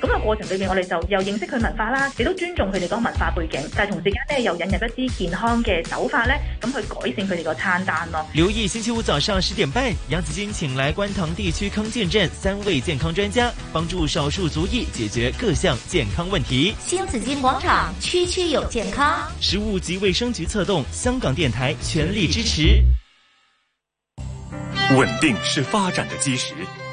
咁個過程裏面，我哋就又認識佢文化啦，亦都尊重佢哋嗰文化背景，但係同時間呢，又引入了一啲健康嘅手法咧，咁、嗯、去改善佢哋個餐單咯。留意星期五早上十點半，新紫金請來觀塘地區康健站三位健康專家，幫助少數族裔解決各項健康問題。新紫金廣場，區區有健康。食物及衛生局策動，香港電台全力支持。穩定是發展的基石。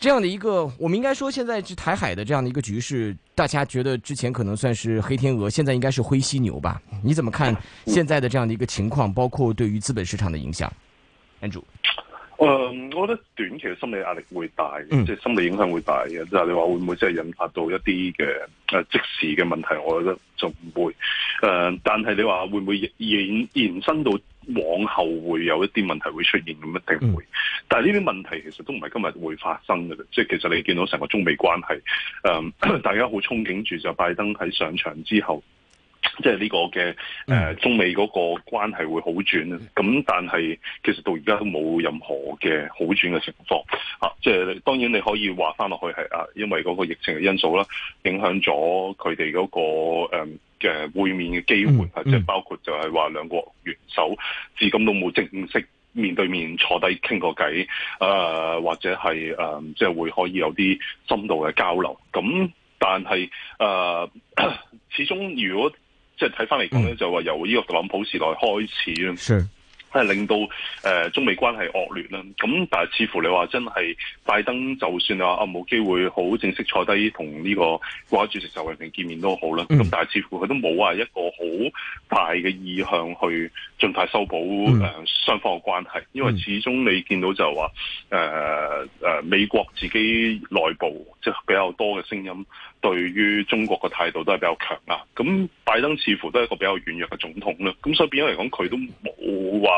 這樣的一個，我們應該說，現在是台海的這樣的一個局勢，大家覺得之前可能算是黑天鵝，現在應該是灰犀牛吧？你怎麼看現在的這樣的一個情況，包括對於資本市場的影響？Andrew，嗯，我覺得短期的心理壓力會大，即係心理影響會大嘅，即係，嗯，你話會唔會即係引發到一啲嘅，誒即時嘅問題？我覺得就唔會，誒，但係你話會唔會延延伸到？往後會有一啲問題會出現，咁一定會。但係呢啲問題其實都唔係今日會發生嘅，即係其實你見到成個中美關係，誒、呃，大家好憧憬住就拜登喺上場之後，即係呢個嘅誒、呃、中美嗰個關係會好轉咧。咁但係其實到而家都冇任何嘅好轉嘅情況，啊，即係當然你可以話返落去係啊，因為嗰個疫情嘅因素啦、那個，影響咗佢哋嗰個誒。嘅會面嘅機會，即係包括就係話兩國元首至今都冇正式面對面坐低傾過偈，誒、呃、或者係誒、呃、即係會可以有啲深度嘅交流。咁但係誒、呃、始終如果即係睇翻嚟講咧，就話由呢個特朗普時代開始啦，係令到誒、呃、中美關係惡劣啦，咁但係似乎你話真係拜登就算話啊冇機會好正式坐低同呢個國家主席習近平見面都好啦，咁、嗯、但係似乎佢都冇話一個好大嘅意向去盡快修補誒、嗯呃、雙方嘅關係，因為始終你見到就話誒、呃呃呃、美國自己內部即係比較多嘅聲音。對於中國嘅態度都係比較強硬，咁拜登似乎都係一個比較軟弱嘅總統啦，咁所以變咗嚟講，佢都冇話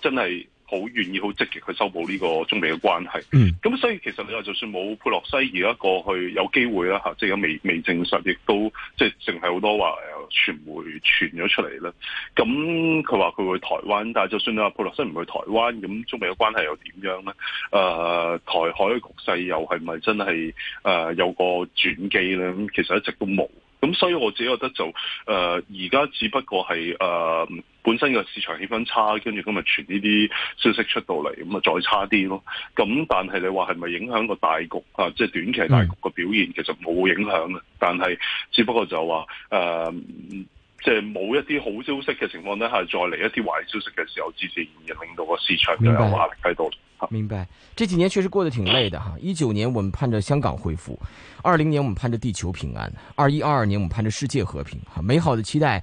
真係，好願意，好積極去修補呢個中美嘅關係。咁、嗯、所以其實你話就算冇佩洛西而家過去有機會啦，吓，即係有未未證實，亦都即係淨係好多話誒傳媒傳咗出嚟呢。咁佢話佢會去台灣，但係就算你話佩洛西唔去台灣，咁中美嘅關係又點樣咧？誒、呃，台海嘅局勢又係咪真係誒、呃、有個轉機咧？咁其實一直都冇。咁所以我自己覺得就誒，而家只不過係誒本身嘅市場氣氛差，跟住今日傳呢啲消息出到嚟，咁啊再差啲咯。咁但係你話係咪影響個大局啊？即係短期大局個表現其實冇影響嘅，但係只不過就話誒。呃即係冇一啲好消息嘅情況底下，再嚟一啲壞消息嘅時候，自自然然令到個市場有壓力喺度。明白，這幾年確實過得挺累的哈。一九年，我們盼着香港恢復；二零年，我們盼着地球平安；二一、二二年，我們盼着世界和平。哈，美好的期待。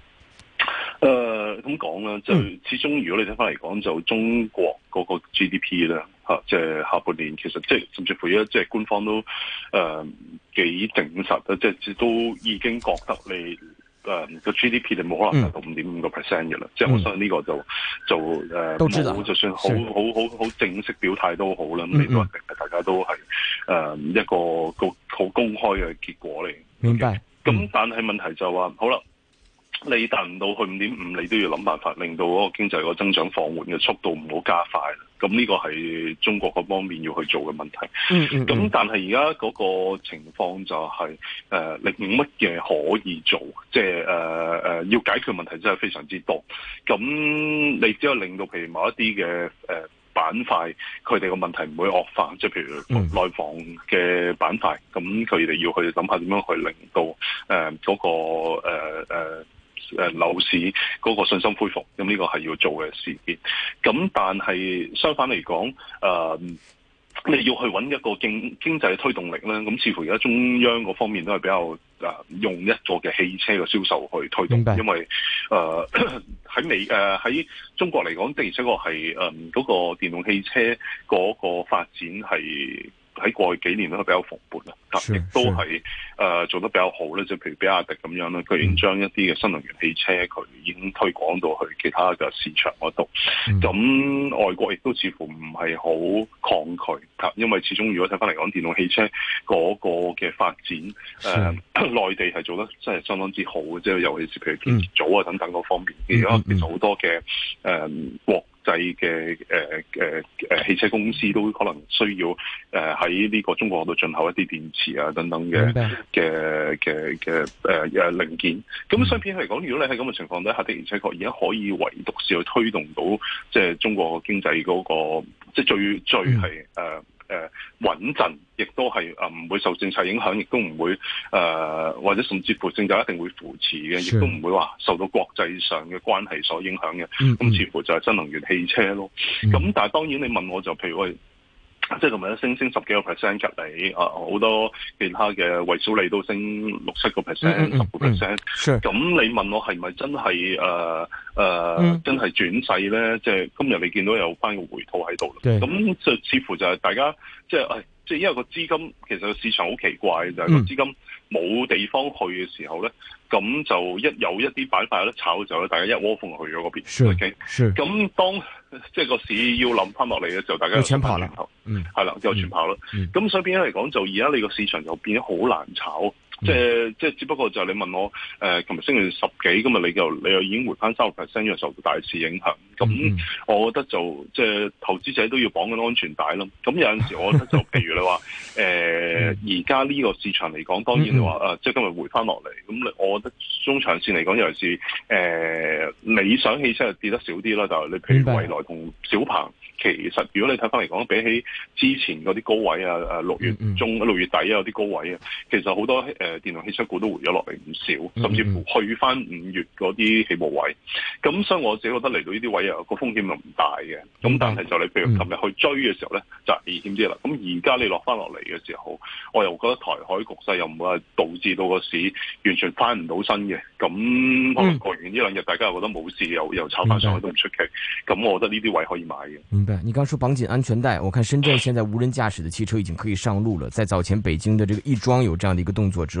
誒，咁講啦，就始終如果你睇翻嚟講，就中國嗰個 G D P 咧，吓、啊，即、就、係、是、下半年，其實即係甚至乎一，即係官方都誒、呃、幾證實，即係都已經覺得你誒個、呃、G D P 你冇可能達到五點五個 percent 嘅啦。即係、嗯、我相信呢個就就誒、呃，就算，算了好好好好正式表態都好啦，咁你都係，定實、嗯嗯、大家都係誒、呃、一個個好公開嘅結果嚟。明白。咁樣、嗯、但係問題就話，好啦。你達唔到去五點五，你都要諗辦法令到嗰個經濟個增長放緩嘅速度唔好加快。咁呢個係中國嗰方面要去做嘅問題。咁、嗯嗯、但係而家嗰個情況就係、是、誒、呃，你冇乜嘢可以做，即係誒誒，要解決問題真係非常之多。咁你只有令到譬如某一啲嘅誒板塊，佢哋個問題唔會惡化，即、就、係、是、譬如內房嘅板塊，咁佢哋要去諗下點樣去令到誒嗰、呃那個誒、呃呃誒，樓、呃、市嗰個信心恢復，咁呢個係要做嘅事件。咁但係相反嚟講，誒、呃，你要去揾一個經經濟嘅推動力咧，咁、嗯、似乎而家中央嗰方面都係比較誒、呃，用一個嘅汽車嘅銷售去推動，白因為誒喺、呃、美誒喺、呃、中國嚟講，的而且確係誒嗰個電動汽車嗰個發展係。喺過去幾年都係比較蓬勃啦，啊，亦都係誒做得比較好咧，即係譬如比亞迪咁樣咧，佢已經將一啲嘅新能源汽車佢、嗯、已經推廣到去其他嘅市場嗰度。咁、嗯、外國亦都似乎唔係好抗拒，因為始終如果睇翻嚟講電動汽車嗰個嘅發展，誒是、呃，內地係做得真係相當之好嘅，即係尤其是譬如電池組啊等等嗰方面、嗯、其實好多嘅誒國。嗯哦制嘅誒誒誒汽車公司都可能需要誒喺呢個中國度進口一啲電池啊等等嘅嘅嘅嘅誒誒零件。咁相對嚟講，如果你喺咁嘅情況底下，的而且確而家可以唯獨是去推動到即係、就是、中國個經濟嗰、那個即係、就是、最最係誒。嗯誒，穩陣亦都係誒，唔會受政策影響，亦都唔會誒、呃，或者甚至乎政策一定會扶持嘅，亦都唔會話受到國際上嘅關係所影響嘅。咁似乎就係新能源汽車咯。咁、嗯、但係當然你問我就，譬如我。即係咁樣升升十幾個 percent 入嚟。啊好多其他嘅維修利都升六七個 percent、嗯嗯嗯、十個 percent。咁、嗯嗯、你問我係咪真係誒誒真係轉勢咧？即係今日你見到有翻個回吐喺度咁，就似乎就係大家即係誒。就是即係因為個資金其實個市場好奇怪，就係個資金冇地方去嘅時候咧，咁、嗯、就一有一啲板塊有得炒就咧，大家一窩蜂，蜂去咗嗰邊。是是。咁 okay? 是當即係個市要冧翻落嚟嘅時候，大家就後就全跑啦。嗯，係啦，之後全跑啦。咁所以變咗嚟講，就而家你個市場又變咗好難炒。即係即係，只不過就係你問我誒，琴日星期十幾咁你就你又已經回翻三個 percent，又受到大市影響。咁、嗯、我覺得就即係投資者都要綁緊安全帶咯。咁有陣時，我覺得就 譬如你話誒，而家呢個市場嚟講，當然你話即係、嗯嗯、今日回翻落嚟。咁我覺得中長線嚟講，尤其是誒、呃、理想汽車係跌得少啲啦。就係、是、你譬如蔚來同小鵬，嗯、其實如果你睇翻嚟講，比起之前嗰啲高位啊，六月中、六、嗯嗯、月底啊，嗰啲高位啊，其實好多、呃電動汽車股都回咗落嚟唔少，甚至乎去翻五月嗰啲起步位，咁、嗯、所以我自己覺得嚟到呢啲位啊個風險又唔大嘅，咁但係就你譬如琴日去追嘅時候咧、嗯、就危險啲啦，咁而家你落翻落嚟嘅時候，我又覺得台海局勢又唔會係導致到個市完全翻唔到身嘅，咁可能過完呢兩日大家又覺得冇事，又又炒翻上去都唔出奇，咁白我覺得呢啲位可以買嘅。明白，你剛說綁緊安全帶，我看深圳現在無人駕駛的汽車已經可以上路了，在早前北京的這個亦莊有這樣的一個動作之。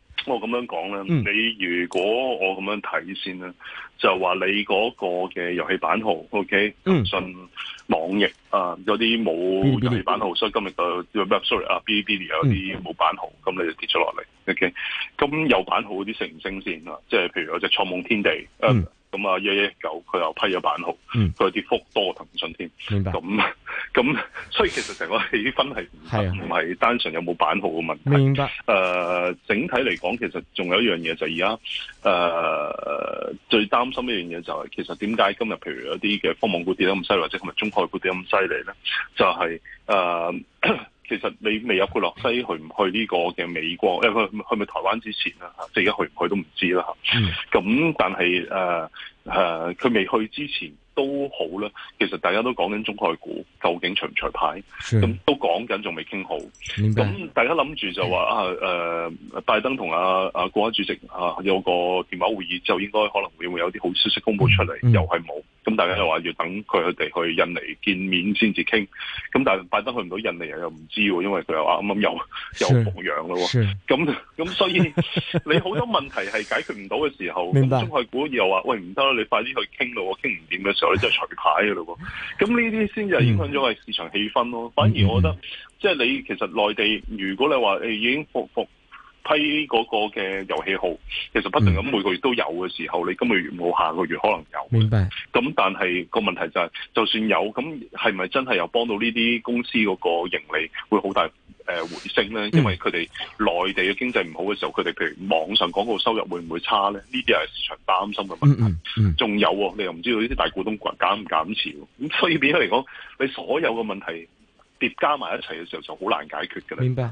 我咁樣講咧，嗯、你如果我咁樣睇先咧，就話你嗰個嘅遊戲版號，OK，騰訊網易啊，有啲冇遊戲版號，所以今日個 sorry 啊，Bilibili、嗯、有啲冇版號，咁、嗯、你就跌咗落嚟，OK，咁有版號啲成唔升線啊，即係譬如有隻創夢天地。嗯啊咁啊，一一九佢又批咗版號，佢、嗯、有啲福多騰訊添。咁咁白，所以其實成個氣氛係唔係單純有冇版號嘅問題。明誒白、呃，整體嚟講，其實仲有一樣嘢就係而家誒最擔心一樣嘢就係、是，其實點解今日譬如有啲嘅科網股跌得咁犀利，或者係咪中概股跌得咁犀利咧？就係、是、誒。呃其實你未有去佩洛西，去唔去呢個嘅美國？誒，去去唔去台灣之前啦，即係而家去唔去都唔知啦嚇。咁但係誒誒，佢、呃呃、未去之前。都好啦，其實大家都講緊中概股究竟除唔除牌，咁是都講緊，仲未傾好。咁大家諗住就話啊、呃，拜登同阿啊國安、啊、主席啊有個電話會議之後應該可能會會有啲好消息公布出嚟，嗯、又係冇。咁、嗯、大家又話要等佢哋去印尼見面先至傾。咁但係拜登去唔到印尼又又唔知喎，因為佢又話啱啱又又復陽咯喎。咁咁是是所以 你好多問題係解決唔到嘅時候，咁白中概股又話喂唔得啦，你快啲去傾啦，我傾唔掂嘅時候。」佢即係除牌嘅咯，咁呢啲先至影響咗個市場氣氛咯。反而我覺得，即係你其實內地如果你話誒已經復復批嗰個嘅遊戲號，其實不停咁每個月都有嘅時候，你今個月冇，下個月可能有。明白。咁但係個問題就係、是，就算有，咁係咪真係又幫到呢啲公司嗰個盈利會好大？誒回升咧，因為佢哋內地嘅經濟唔好嘅時候，佢哋譬如網上廣告收入會唔會差咧？呢啲係市場擔心嘅問題。仲、嗯嗯嗯、有喎，你又唔知道呢啲大股東減唔減持，咁所以變咗嚟講，你所有嘅問題疊加埋一齊嘅時候，就好難解決㗎啦。明白。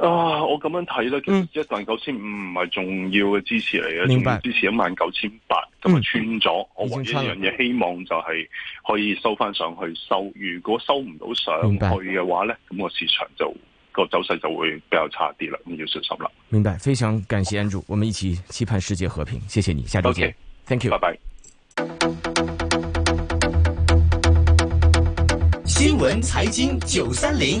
啊！我咁樣睇啦，其實一萬九千五唔係重要嘅支持嚟嘅，支持一萬九千八，咁啊，穿咗。我唯一一樣嘢希望就係可以收翻上去收，如果收唔到上去嘅話咧，咁個市場就個走勢就會比較差啲啦，咁要小心啦。明白，非常感謝 Andrew，我們一起期盼世界和平，謝謝你，下周見。OK，Thank you，拜拜。新聞財經九三零。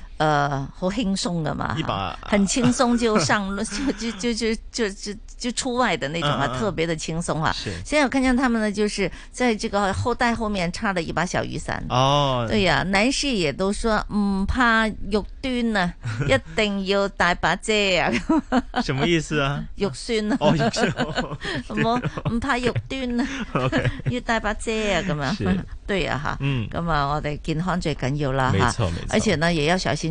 呃好輕鬆的嘛，很輕鬆就上就就就就就就出外的那種啊，特別的輕鬆啊。現在我看見他們呢，就是在這個後袋後面插了一把小雨傘。哦，對呀，男士也都說，唔怕肉端啊，一定要帶把遮啊。什麼意思啊？肉酸啊？哦，肉酸，麼唔怕肉端啊，要帶把遮啊咁樣，對啊吓，咁啊我哋健康最緊要啦吓，而且呢也要小心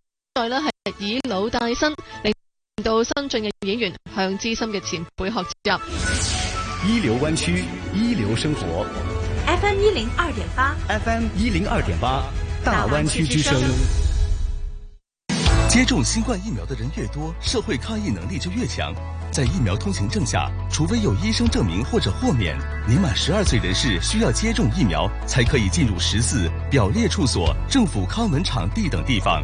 再啦，係以老帶新，令到新進嘅演員向資深嘅前輩學習。一流灣區，一流生活。FM 一零二點八，FM 一零二點八，8, 大灣區之聲。之接種新冠疫苗的人越多，社會抗疫能力就越強。在疫苗通行證下，除非有醫生證明或者豁免，年滿十二歲人士需要接種疫苗才可以進入十四表列處所、政府康文場地等地方。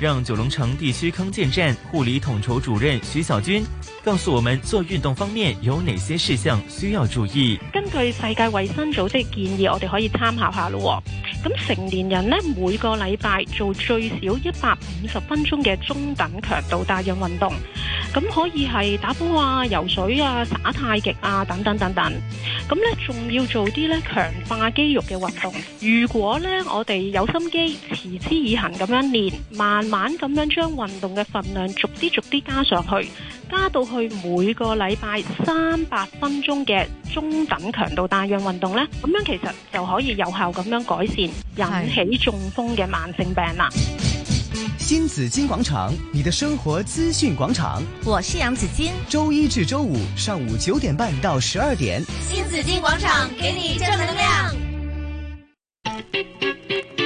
讓九龍城地區康健站護理統籌主任徐小軍，告訴我們做運動方面有哪些事項需要注意。根據世界衛生組織建議，我哋可以參考下咯。咁成年人呢，每個禮拜做最少一百五十分鐘嘅中等強度帶氧運動，咁可以係打波啊、游水啊、打太極啊等等等等。咁咧仲要做啲咧強化肌肉嘅運動。如果咧我哋有心機，持之以恒咁樣練，慢慢慢咁樣將運動嘅份量，逐啲逐啲加上去，加到去每個禮拜三百分鐘嘅中等強度大量運動呢，咁樣其實就可以有效咁樣改善引起中風嘅慢性病啦。是新紫金廣場，你的生活資訊廣場，我是楊紫金，周一至周五上午九點半到十二點，新紫金廣場給你正能量。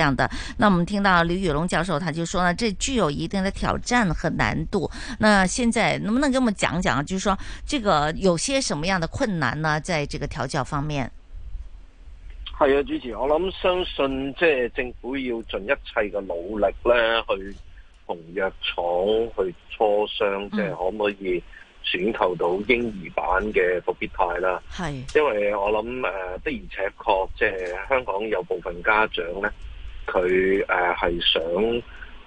樣的，那我們聽到李宇龍教授，他就說呢，這具有一定的挑戰和難度。那現在能不能跟我們講講，就是說，這個有些什麼樣的困難呢？在這個調教方面，係啊，主持，我諗相信即政府要盡一切嘅努力呢去同藥廠去磋商，即係、嗯、可唔可以選購到嬰兒版嘅復必泰啦。係的，因為我諗誒的而且確，即係香港有部分家長呢佢誒係想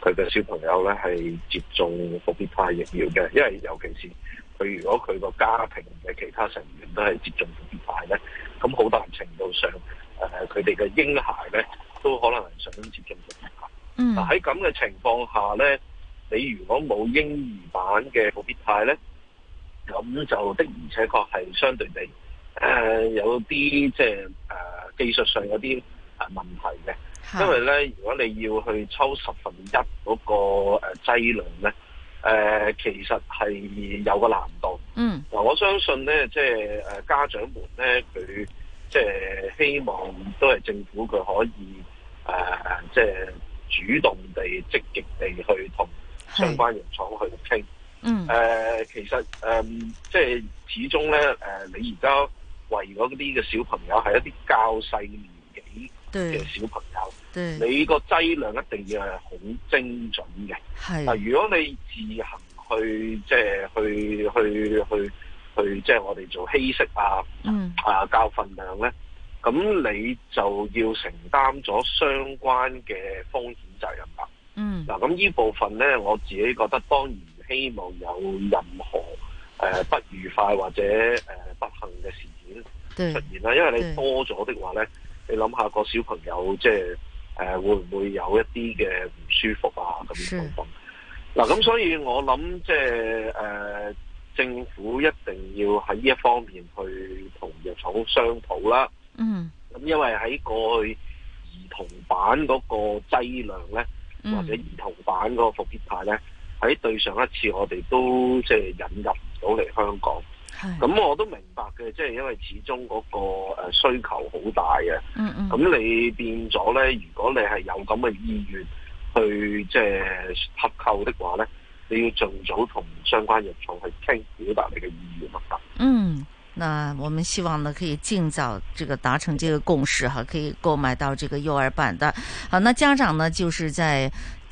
佢嘅小朋友咧係接種復必泰疫苗嘅，因為尤其是佢如果佢個家庭嘅其他成員都係接種復必泰咧，咁好大程度上誒佢哋嘅嬰孩咧都可能係想接種復必泰。嗯，喺咁嘅情況下咧，你如果冇嬰兒版嘅復必泰咧，咁就的而且確係相對地誒、呃、有啲即係誒技術上有啲誒問題嘅。因為咧，如果你要去抽十分一嗰個誒劑量咧，誒、呃、其實係有個難度。嗯。嗱，我相信咧，即係誒家長們咧，佢即係希望都係政府佢可以誒、呃、即係主動地、積極地去同相關廠去傾。嗯。誒、呃，其實誒、嗯，即係始終咧，誒、呃，你而家為咗呢個小朋友係一啲較細年紀嘅小朋友。對你個劑量一定要係好精準嘅。係嗱是，如果你自行去，去，去，去，去即係去去去去即係我哋做稀釋啊，嗯、啊較份量咧，咁你就要承擔咗相關嘅風險責任啦。嗯，嗱、啊，咁呢部分咧，我自己覺得當然唔希望有任何誒、呃、不愉快或者誒、呃、不幸嘅事件出現啦，對因為你多咗的話咧，對你諗下個小朋友即係。誒、呃，會唔會有一啲嘅唔舒服啊？咁情況，嗱是，咁、啊、所以我諗，即係誒，政府一定要喺呢一方面去同藥廠商討啦。嗯。咁因為喺過去兒童版嗰個劑量咧，嗯、或者兒童版嗰個復必泰咧，喺對上一次我哋都即係、就是、引入唔到嚟香港。咁我都明白嘅，即係因為始終嗰個誒需求好大嘅。嗯嗯。咁你變咗咧，如果你係有咁嘅意願去即係合購的話咧，你要盡早同相關藥廠去傾，表達你嘅意願啦。嗯，嗱，我們希望呢可以盡早這個達成這個共識哈，可以購買到這個幼兒版的。好，那家長呢就是在。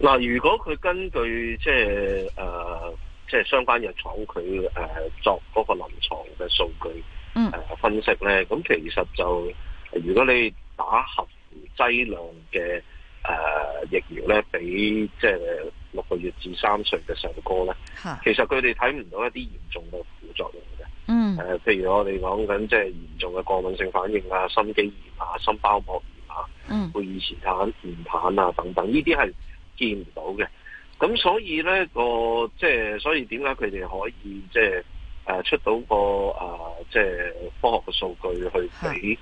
嗱，如果佢根據即係誒，即係相關藥廠佢誒、呃、作嗰個臨牀嘅數據，嗯、呃，誒分析咧，咁其實就如果你打合劑量嘅誒、呃、疫苗咧，俾即係六個月至三歲嘅細個咧，其實佢哋睇唔到一啲嚴重嘅副作用嘅，嗯，誒、呃，譬如我哋講緊即係嚴重嘅過敏性反應啊、心肌炎啊、心包膜炎啊，嗯，貝爾氏癱、面癱啊等等，呢啲係。見唔到嘅，咁所以呢、嗰個即係，所以點解佢哋可以即係誒、啊、出到個誒、啊、即係科學嘅數據去俾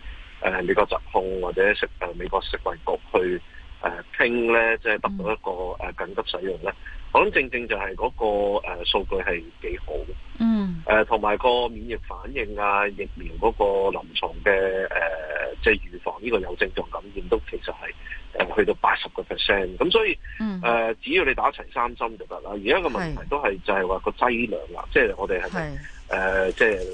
誒美國疾控或者食誒美國食衛局去誒傾、啊、即係得到一個誒緊急使用呢。嗯、我諗正正就係嗰、嗰個誒數、啊、據係幾好嘅，嗯誒同埋個免疫反應啊疫苗嗰個臨牀嘅誒即係預防呢個有症狀感染都其實係。誒，去到八十個 percent，咁所以誒、嗯呃，只要你打齊三針就得啦。而家個問題都係就係話個劑量啦，即係我哋係咪誒，即係誒，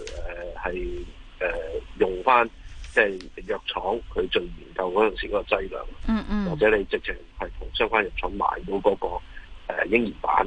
係誒用翻即係藥廠佢做研究嗰陣時嗰個劑量，嗯嗯或者你直情係同相關藥廠買到嗰個誒嬰兒版。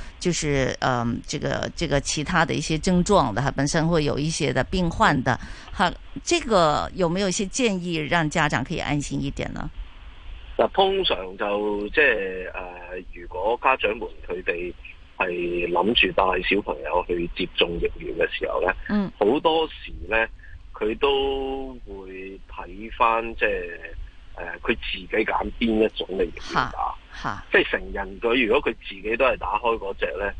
就是嗯，這個這個其他的一些症狀的，佢本身會有一些的病患的，哈，這個有沒有一些建議讓家長可以安心一點呢？嗱，通常就即係誒，如果家長們佢哋係諗住帶小朋友去接種疫苗嘅時候咧，嗯，好多時咧佢都會睇翻即係誒，佢、呃、自己揀邊一種嘅疫苗啊。即係成人佢如果佢自己都係打開嗰隻咧，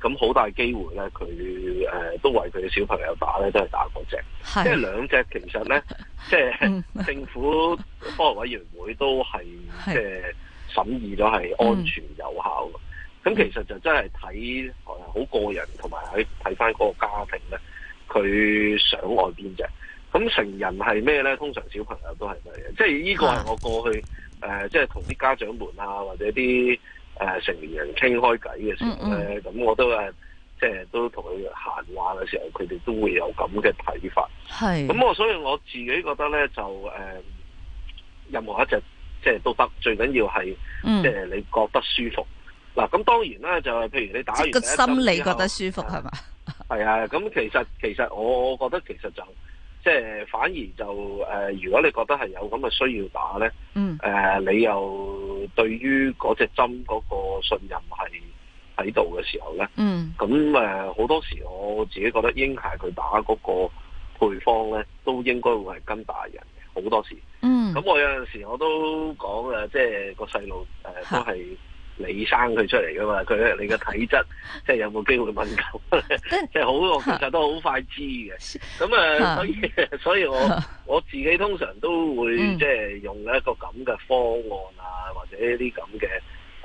咁好、嗯、大機會咧，佢誒、呃、都為佢嘅小朋友打咧，都係打嗰隻。是即係兩隻其實咧，即係、嗯、政府科學委員會都係是即係審議咗係安全有效嘅。咁、嗯、其實就真係睇好個人同埋喺睇翻嗰個家庭咧，佢想外邊隻。咁成人係咩咧？通常小朋友都係咩？即係呢個係我過去。誒、呃，即係同啲家長們啊，或者啲誒、呃、成年人傾開偈嘅時候咧，咁我都係即係都同佢哋閒話嘅時候，佢哋、嗯嗯呃都，呃、都，都會有咁嘅睇法。係是。咁我所以我自己覺得咧，就誒、呃、任何一隻即係都得，最緊要係即係你覺得舒服。嗱、嗯，咁、啊、當然啦，就係譬如你打完，即係個心理覺得舒服係嘛？係 啊，咁、啊、其實其實我覺得其實就。即係反而就誒、呃，如果你覺得係有咁嘅需要打咧，誒、嗯呃，你又對於嗰隻針嗰個信任係喺度嘅時候咧，咁誒好多時我自己覺得嬰孩佢打嗰個配方咧，都應該會係跟大人嘅好多時。咁、嗯、我有陣時我都講誒，即係個細路誒都係。你生佢出嚟噶嘛？佢你嘅體質即係、就是、有冇機會敏感，即係好，我其實都好快知嘅。咁啊，所以所以我 我自己通常都會即係、就是、用一個咁嘅方案啊，或者啲咁嘅。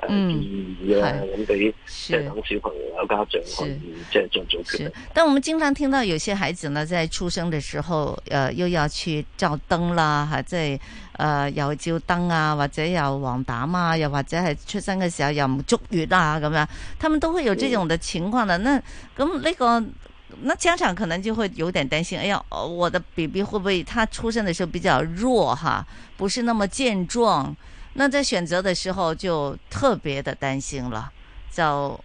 以嗯，係咁俾即係等小朋友家長可以即係盡早決定。但我們經常聽到有些孩子呢，在出生的時候，誒、呃，又要去照燈啦，係即係誒，又、啊呃、照燈啊，或者又黃疸啊，又或者係出生嘅時候又唔足月啊咁樣，他們都會有這種的情況的。嗯、那咁呢、這個，那家長可能就會有點擔心，哎呀，我的 B B 會不會他出生的時候比較弱哈、啊，不是那麼健壯？那在選擇的時候就特別的擔心啦，就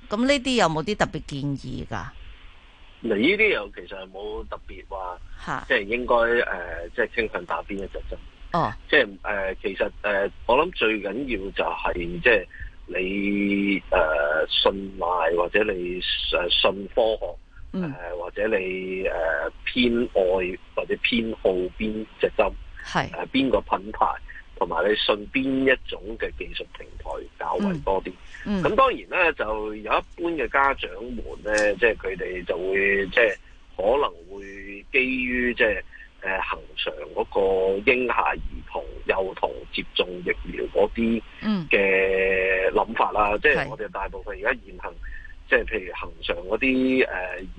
咁呢啲有冇啲特別建議噶？你呢啲又其實冇特別話哈、呃，即係應該誒，即係傾向打邊一隻針。哦，即係誒、呃，其實誒、呃，我諗最緊要就係即係你誒、呃、信賴或者你誒信科學，誒、嗯呃、或者你誒、呃、偏愛或者偏好邊隻針，係誒邊個品牌。同埋你信邊一種嘅技術平台較為多啲？咁、嗯嗯、當然咧，就有一般嘅家長們咧，即係佢哋就會即係、就是、可能會基於即係誒恆常嗰個嬰孩兒童幼童接種疫苗嗰啲嘅諗法啦，即係、嗯、我哋大部分而家現行。即係譬如恒常嗰啲誒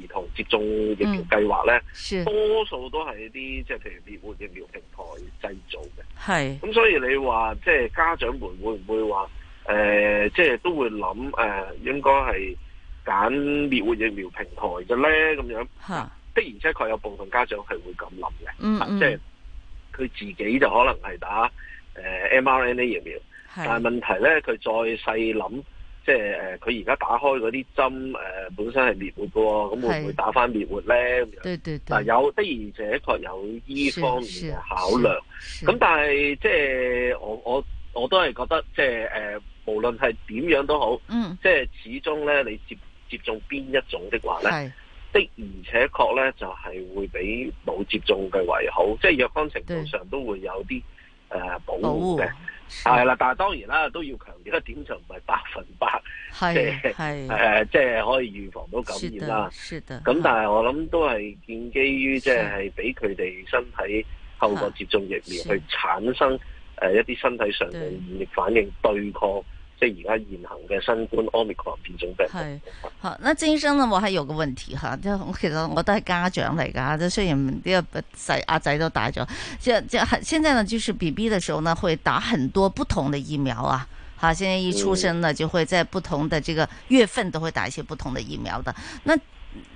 兒童接種疫苗計劃咧，嗯、是多數都係啲即係譬如滅活疫苗平台製造嘅。係是，咁所以你話即係家長們會唔會話誒，即、呃、係都會諗誒、呃，應該係揀滅活疫苗平台嘅咧？咁樣吓，的而且確有部分家長係會咁諗嘅。即係佢自己就可能係打誒、呃、mRNA 疫苗，是但係問題咧，佢再細諗。即係誒，佢而家打開嗰啲針誒，本身係滅活嘅、哦，咁會唔會打翻滅活咧？對對嗱有的而且確有呢方面嘅考量，咁但係即係我我我都係覺得，即係誒、呃，無論係點樣都好，嗯，即係始終咧，你接接種邊一種的話咧，是的而且確咧就係、是、會比冇接種嘅為好，即係若干程度上對都會有啲誒、呃、保護嘅。係啦，但係當然啦，都要強調一點就唔係百分百的，即係誒，即係可以預防到感染啦。咁但係我諗都係建基於即係俾佢哋身體透過接種疫苗去產生誒的、呃、一啲身體上嘅免疫反應對抗。對對即係而家現行嘅新冠 omicron 變種病毒。好，那曾醫生呢，我還有個問題嚇，即係其實我都係家長嚟㗎，即係雖然細阿仔都打咗，即即係現在呢，就是 BB 嘅時候呢，會打很多不同的疫苗啊。吓、啊，現在一出生呢，就會在不同的這個月份都會打一些不同的疫苗的。那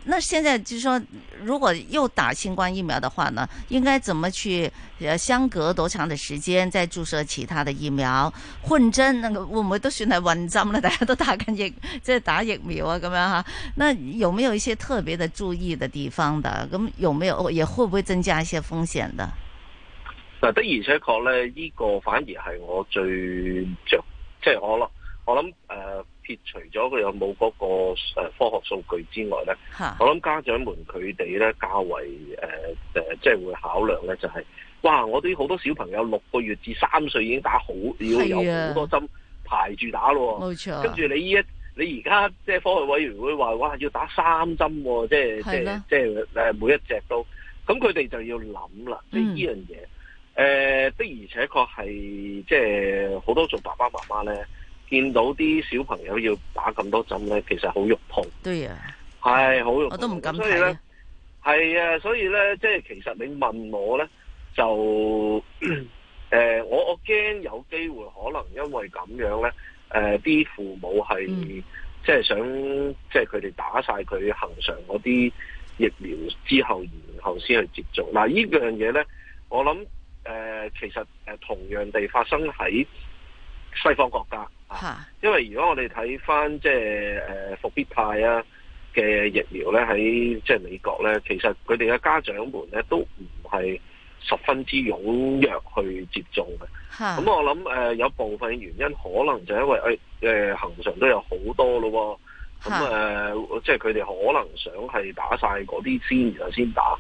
那現在就是說，如果又打新冠疫苗的話呢，應該怎麼去，誒，相隔多長的時間再注射其他的疫苗？混針會唔會都算係混針咧？大家都打緊疫，即係打疫苗啊咁樣吓。那有沒有一些特別的注意的地方的？咁有沒有也會不會增加一些風險的？的而且確咧，呢個反而係我最着，即係我我諗誒。呃撇除咗佢有冇嗰個科學數據之外咧，哈我諗家長們佢哋咧較為誒誒、呃呃，即係會考量咧就係、是，哇！我啲好多小朋友六個月至三歲已經打好要、啊、有好多針排住打咯，冇錯。跟住你依一你而家即係科學委員會話哇要打三針、啊，即係即係嗎即係誒每一隻都，咁佢哋就要諗啦。嗯、即係呢樣嘢誒，的而且確係即係好多做爸爸媽媽咧。見到啲小朋友要打咁多針咧，其實好肉痛。對啊，係好肉痛。我都唔敢、啊、所以睇。係啊，所以咧，即、就、係、係、其實你問我咧，就誒、 呃，我我驚有機會可能因為咁樣咧，誒、呃、啲父母係即係想，即係佢哋打晒佢恒常嗰啲疫苗之後，然後先去接種。嗱、呃，呢樣呢樣嘢咧，我諗誒、呃，其實誒同樣地發生喺西方國家。啊，因為如果我哋睇返即係誒復必泰啊嘅疫苗咧，喺即係美國咧，其實佢哋嘅家長們咧都唔係十分之踴躍去接種嘅。咁、啊啊、我諗誒有部分原因可能就係因為誒誒，恒、哎、常都有好多咯，咁誒即係佢哋可能想係打晒嗰啲先，然後先打。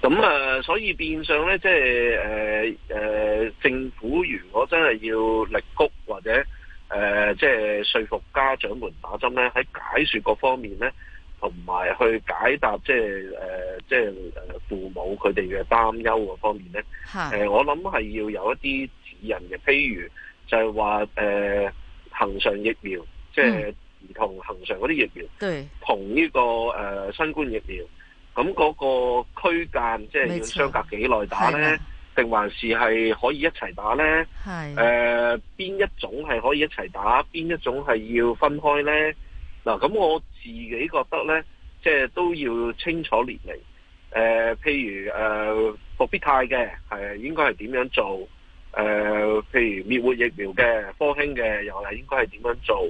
咁、啊、誒，所以變相咧即係誒誒，政府如果真係要力谷或者，誒，即係、呃就是、說服家長們打針咧，喺解説各方面咧，同埋去解答即係誒，即、就、係、是呃就是、父母佢哋嘅擔憂個方面咧、呃。我諗係要有一啲指引嘅，譬如就係話誒，恒常疫苗，即係兒童恒常嗰啲疫苗，嗯、同呢、這個誒、呃、新冠疫苗，咁嗰對個區間即係要相隔幾耐打咧。定還是係可以一齊打呢？係誒是的、呃，邊一種係可以一齊打，邊一種係要分開呢？嗱、啊，咁我自己覺得呢，即、就、係、是、都要清楚列明。誒、呃，譬如誒復、呃、必泰嘅係應該係點樣做？誒、呃，譬如滅活疫苗嘅科興嘅又係應該係點樣做？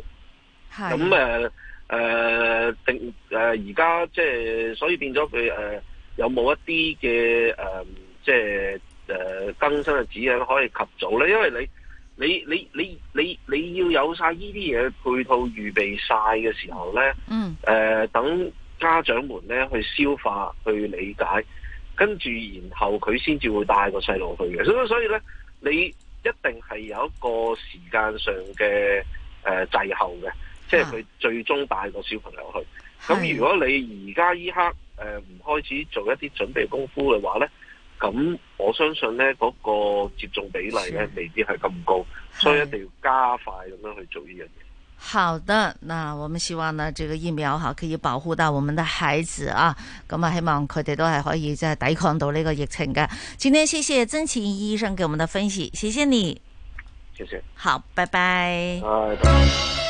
係咁誒誒定誒而家即係所以變咗佢誒有冇一啲嘅誒即係。呃就是誒更新嘅指引可以及早咧，因為你你你你你你要有曬呢啲嘢配套預備曬嘅時候咧、嗯呃，等家長們咧去消化、去理解，跟住然後佢先至會帶個細路去嘅。所以所以咧，你一定係有一個時間上嘅呃滯後嘅，即係佢最終帶個小朋友去。咁、啊、如果你而家依刻誒呃唔開始做一啲準備功夫嘅話呢。咧？咁我相信呢嗰、那個接種比例呢未必係咁高，是所以一定要加快咁樣去做呢樣嘢。好的，嗱，我們希望呢，這個疫苗哈可以保護到我們的孩子啊，咁啊，希望佢哋都係可以即係抵抗到呢個疫情嘅。今天謝謝曾祈殷醫生給我們的分析，謝謝你。謝謝。好，拜拜。拜拜。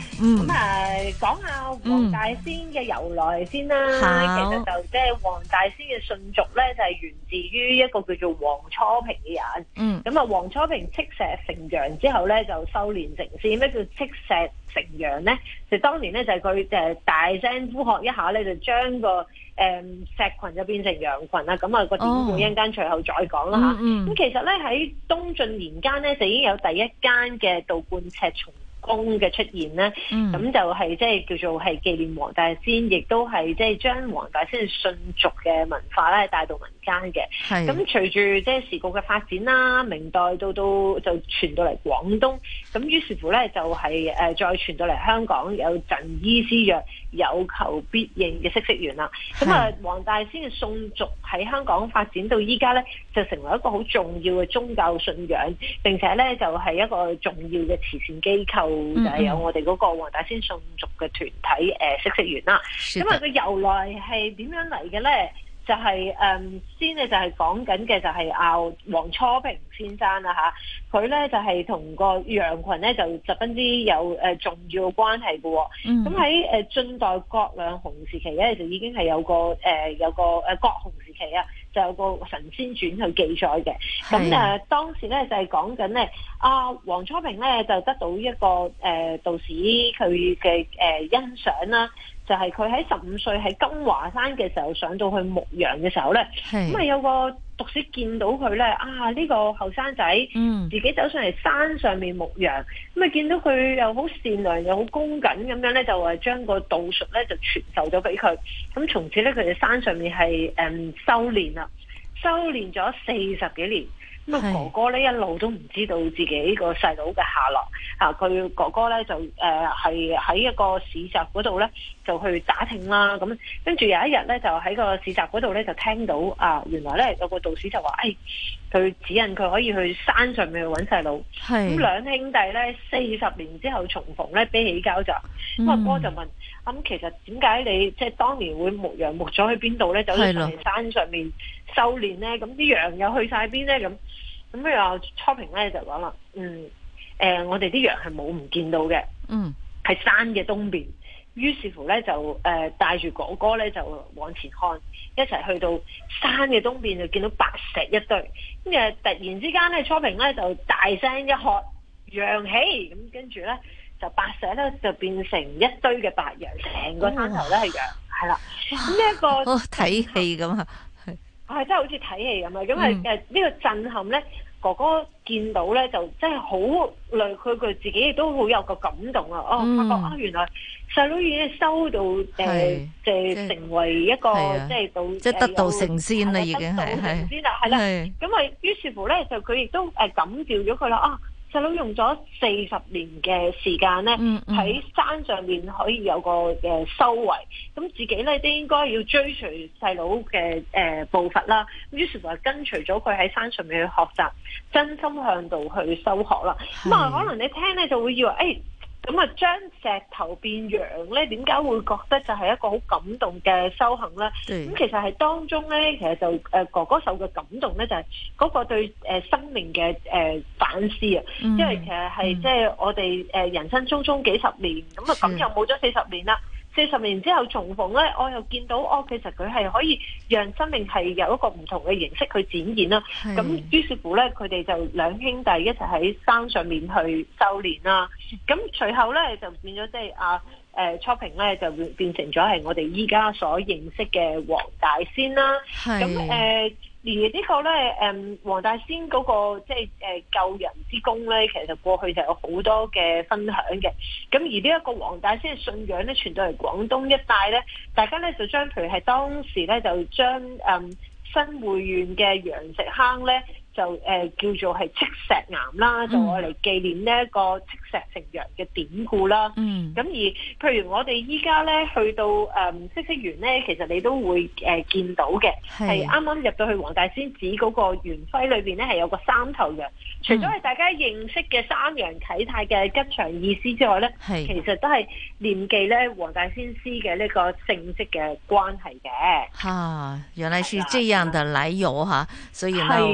咁啊，講、嗯、下黃大仙嘅由來先啦。嗯、其實就即係黃大仙嘅信俗咧，就係、是、源自於一個叫做黃初平嘅人。嗯，咁啊，黃初平叱石成羊之後咧，就修煉成仙。咩叫叱石成羊咧？就當年咧就係佢就係大聲呼喝一下咧，就將、那個誒、嗯、石群就變成羊群啦。咁、那、啊個典故一陣間隨後再講啦吓。咁、嗯嗯、其實咧喺東晉年間咧就已經有第一間嘅道觀赤松公嘅出現咧，咁、嗯、就係即係叫做係紀念黃大仙，亦都係即係將黃大仙嘅信俗嘅文化咧帶到民間嘅。係咁是隨住即係時局嘅發展啦，明代到到就傳到嚟廣東，咁於是乎咧就係、是呃、再傳到嚟香港，有贈醫施藥，有求必應嘅嗇色園啦。咁啊黃大仙嘅信俗喺香港發展到依家咧，就成為一個好重要嘅宗教信仰，並且咧就係一個重要嘅慈善機構。嗯嗯就係有我哋嗰個黃大仙信俗嘅團體誒、呃、識識員啦，咁啊佢由來係點樣嚟嘅咧？就係、是嗯、先咧就係講緊嘅就係啊黃初平先生啦嚇，佢、啊、咧就係同個羊群咧就十分之有、呃、重要的關係嘅、哦，咁喺誒晉代郭亮紅時期咧就已經係有個誒、呃、有郭紅、呃、時期啊。就有個神仙傳去記載嘅，咁誒的、嗯啊、當時咧就係講緊咧，阿、啊、黃初平咧就得到一個誒、呃、道士佢嘅誒欣賞啦。就係佢喺十五歲喺金華山嘅時候上到去牧羊嘅時候呢，咁啊是有個道士見到佢呢，啊呢、這個後生仔，自己走上嚟山上面牧羊，咁啊、嗯、見到佢又好善良又好恭謹咁樣呢就話將個道術呢就傳授咗畀佢，咁從此呢，佢哋山上面係誒修煉啦，修煉咗四十幾年。是哥哥咧一路都唔知道自己個細佬嘅下落嚇，佢，啊、哥哥咧就誒係喺一個市集嗰度咧就去打聽啦，咁跟住有一日咧就喺個市集嗰度咧就聽到啊，原來咧有個道士就話，誒、哎，佢指引佢可以去山上面揾細佬。咁是兩兄弟咧四十年之後重逢咧，悲喜交集。咁阿，嗯、哥就問，咁、嗯、其實點解你即係當年會牧羊牧咗去邊度咧？走去山上面修煉咧，咁啲的羊又去晒邊咧？咁咁又初平咧就講啦，嗯，誒、呃、我哋啲羊係冇唔見到嘅，嗯，係山嘅東邊。於是乎咧就誒帶住哥哥咧就往前看，一齊去到山嘅東邊就見到白石一堆。咁誒突然之間咧初平咧就大聲一喝，羊起咁跟住咧就白石咧就變成一堆嘅白羊，成個山頭咧係羊，係啦、哦。咁呢一個睇戲咁啊，係，係真係好似睇戲咁啊！咁呢、嗯、個震撼咧～哥哥見到咧，就真係好累。佢佢自己亦都好有個感動啊！哦，發覺啊，原來細佬已經收到誒，即係成為一個即係到即係得道成仙啦，已經成仙啦，係啦。咁咪於是乎咧，就佢亦都誒感召咗佢啦啊！細佬用咗四十年嘅時間咧，喺、嗯嗯、山上面可以有個嘅修為，咁自己咧都應該要追隨細佬嘅誒步伐啦。於是就跟隨咗佢喺山上面去學習，真心向度去修學啦。咁啊是，可能你聽咧就會以為誒。哎咁啊，將石頭變羊咧，點解會覺得就係一個好感動嘅修行咧？咁是其實係當中咧，其實就誒哥哥受嘅感動咧，就係、是、嗰個對生命嘅誒反思啊，嗯、因為其實係即係我哋人生匆匆幾十年，咁啊咁又冇咗四十年啦。四十年之後重逢咧，我又見到哦，其實佢係可以讓生命係有一個唔同嘅形式去展現啦。咁是於是乎咧，佢哋就兩兄弟一齊喺山上面去修練啦。咁隨後咧就變咗即係啊，誒、呃、初平咧就變成咗係我哋依家所認識嘅黃大仙啦。咁誒是。而這個呢個咧，誒、嗯、黃大仙嗰、那個即係誒救人之功咧，其實過去就有好多嘅分享嘅。咁而呢一個黃大仙嘅信仰咧，傳到嚟廣東一帶咧，大家咧就將譬如係當時咧就將誒、嗯、新會縣嘅楊石坑咧。就誒、呃、叫做係叱石岩啦，嗯、就我嚟紀念呢一個叱石成羊嘅典故啦。咁、嗯、而譬如我哋依家咧去到誒叱石園咧，其實你都會誒、呃、見到嘅，係啱啱入到去黃大仙祠嗰個園區裏邊咧，係有個三頭羊。嗯、除咗係大家認識嘅三羊啟泰嘅吉祥意思之外咧，啊、其實都係念記咧黃大仙師嘅呢個聖蹟嘅關係嘅。嚇、啊，原來是這樣的來由嚇、啊啊，所以呢，我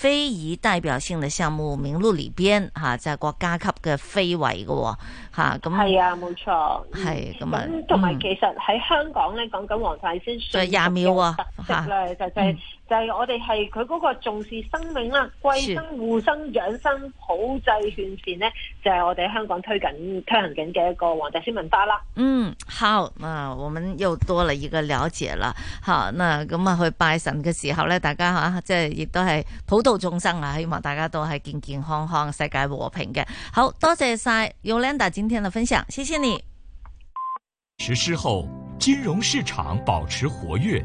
非遺代表性的項目名錄裏邊，吓，就係國家級嘅非遺嘅。吓，咁係啊，冇錯，係咁啊，同埋、嗯、其實喺香港咧，講緊黃大仙廟廿秒啊，特、嗯嗯就係我哋係佢嗰個重視生命啦，貴生護生養生普濟勸善呢，就係、是、我哋喺香港推行推行緊嘅一個黃大仙文化啦。嗯，好，啊，我們又多了一個了解啦。吓，那咁啊去拜神嘅時候咧，大家吓即係亦都係普度眾生啦。希望大家都係健健康康、世界和平嘅。好多謝晒 Yolanda 今天嘅分享，謝謝你。實施後，金融市場保持活躍。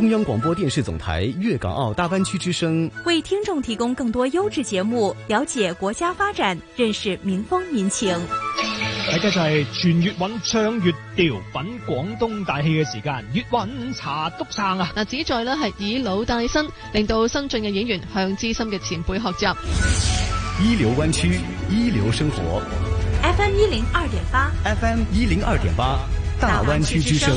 中央廣播電視總台粵港澳大灣區之聲，為聽眾提供更多優質節目，了解國家發展，認識民風民情。大家就係全粵韻、唱粵調、品廣東大戲嘅時間。粵韻茶篤撐啊！嗱，旨在呢係以老帶新，令到新進嘅演員向資深嘅前輩學習。一流灣區，一流生活。FM 一零二點八，FM 一零二點八，8，大灣區之聲。